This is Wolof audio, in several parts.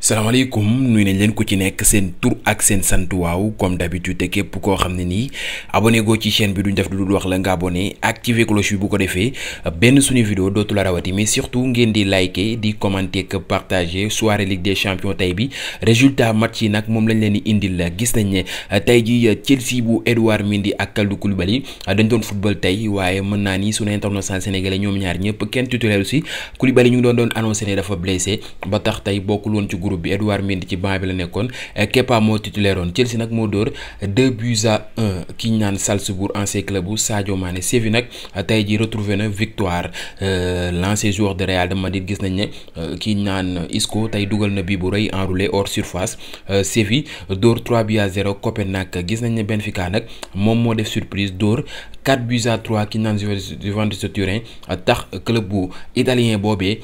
salaamaaleykum nuyu ne leen ku ci nekk seen tur ak seen sant waaw comme d'habitude te képp koo xam ne nii abonné goo ci chaîne bi duñ def lu dul wax la nga abonné activé cloche bu ko defee benn suñu vidéo dootu la rawati surtout ngeen di liker di commenter que partager soirée Ligue tey bi résultat match yi nag moom lañ leen di indil gis nañ ne tey ji Chelsea bu Edouard Mendy ak Kalidou Koulibaly dañ doon football tey waaye mën naa ni suñu international sénégalais ñoom ñaar ñëpp kenn titulaire aussi Koulibaly ñu ngi doon doon annoncé ne dafa blessé ba tax tey bokkul woon ci groupe bi Edouard Mendy ci banc bi la nekkoon eh, Kepa moo titulaire Chelsea nag moo dóor 2 naan Salzbourg ancien club bu Sadio Mané nag eh, tey jii retrouvé na victoire eh, l'ancien joueur de Real de Madrid gis nañ ne ki ñu naan Isco tey dugal na bii bu rëy enroulé hors surface Séville dóor 3 gis nañ ne Benfica nag moom moo def surprise dóor 4 naan Juventus Turin tax club bu italien boobee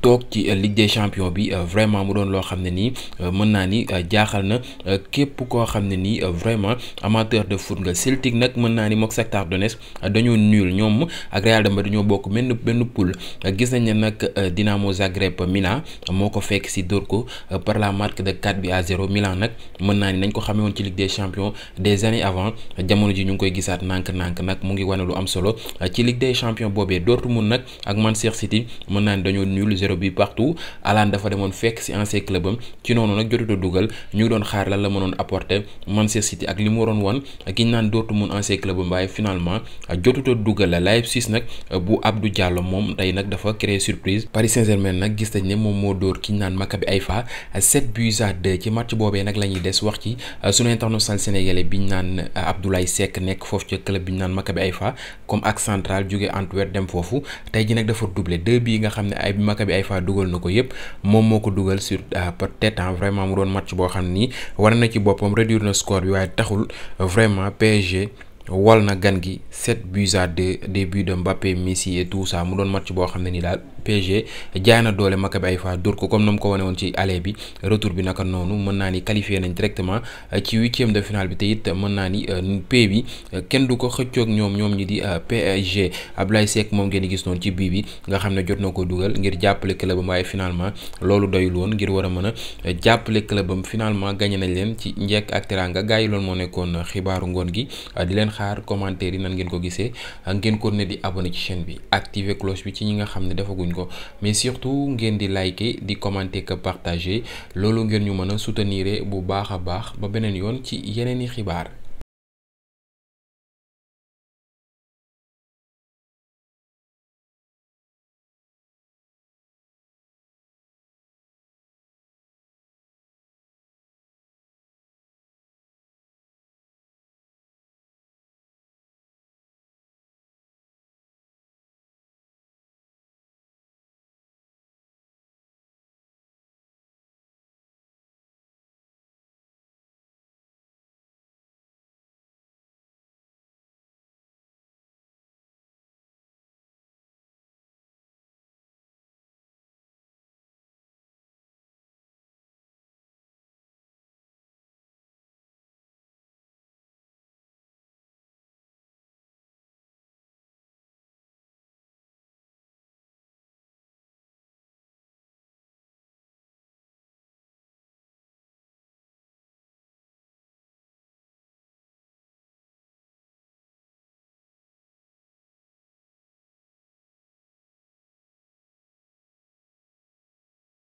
toog ci Ligue des champions bi vraiment mu doon yoo xam ne nii euh, mën naa ni euh, jaaxal na euh, képp koo xam ne nii vraiment amateur de foot nga Celtic nag mën naa ni mook Shakhtar Donetsk dañoo nul ñoom ak Real de Madrid dañoo bokk benn benn poule gis nañ ne nag Dinamo Zagreb Milan moo ko fekk si dóor ko par la marque de 4 bi à 0 nag mën naa nañ ko xamee woon ci Ligue des champions des années avant jamono ji ñu ngi koy gisaat nànk-nànk nag mu ngi wane lu am solo ci Ligue des champions boobee Dortmund nag ak Manchester City mën naa ni dañoo nul 0 bi partout Alan dafa demoon fekk si ancien club am ci noonu nag jotut a dugal ñu ngi doon xaar lan la mënoon apporter Manchester City ak li mu waroon woon ki ñu naan Dortmund ancien club waaye finalement jotut a dugal la Leipzig nag bu Abdou Diallo moom tey nag ci match boobee nag la des wax ci sunu international sénégalais bi ñu naan Abdoulaye Seck nekk foofu ci club bi ñu naan Maccabi Haifa comme ak central jóge Antwerp dem foofu tey ji nag dafa doublé deux bii nga xam ne ay Maccabi Haifa dugal na ko yëpp moom moo Euh, peut-être vraiment mu doon match boo xam ne ni wara na ci boppam réduire na score bi waaye taxul vraiment PSG. wal na gan gi 7 buts à 2 début de Mbappé Messi et tout ça mu doon match boo xam ne nii daal PSG jaay na doole Maccabi Haifa dóor ko comme na ko wane woon bi retour bi naka noonu mën naa ni qualifié nañ directement euh, ci huitième de finale bi te it mën naa ni euh, P bi euh, kenn du ko xëccoog ñoom ñoom ñi di PSG Ablaye Seck moom ngeen di gis noonu ci bii bi nga xam ne jot na ko dugal ngir jàppale club am waaye finalement loolu doyul woon ngir war a mën a jàppale club am finalement gagné na leen ci njekk ak teranga gars yi loolu moo nekkoon xibaaru ngoon gi di leen xaar commentaire yi nan ngeen ko gisee ngeen ko ne di abonné ci chaîne bi activer ko mais surtout ngeen di liker di commenter que partager loolu ngeen ñu mën a soutenir bu baax a baax ba beneen yoon ci yeneen i xibaar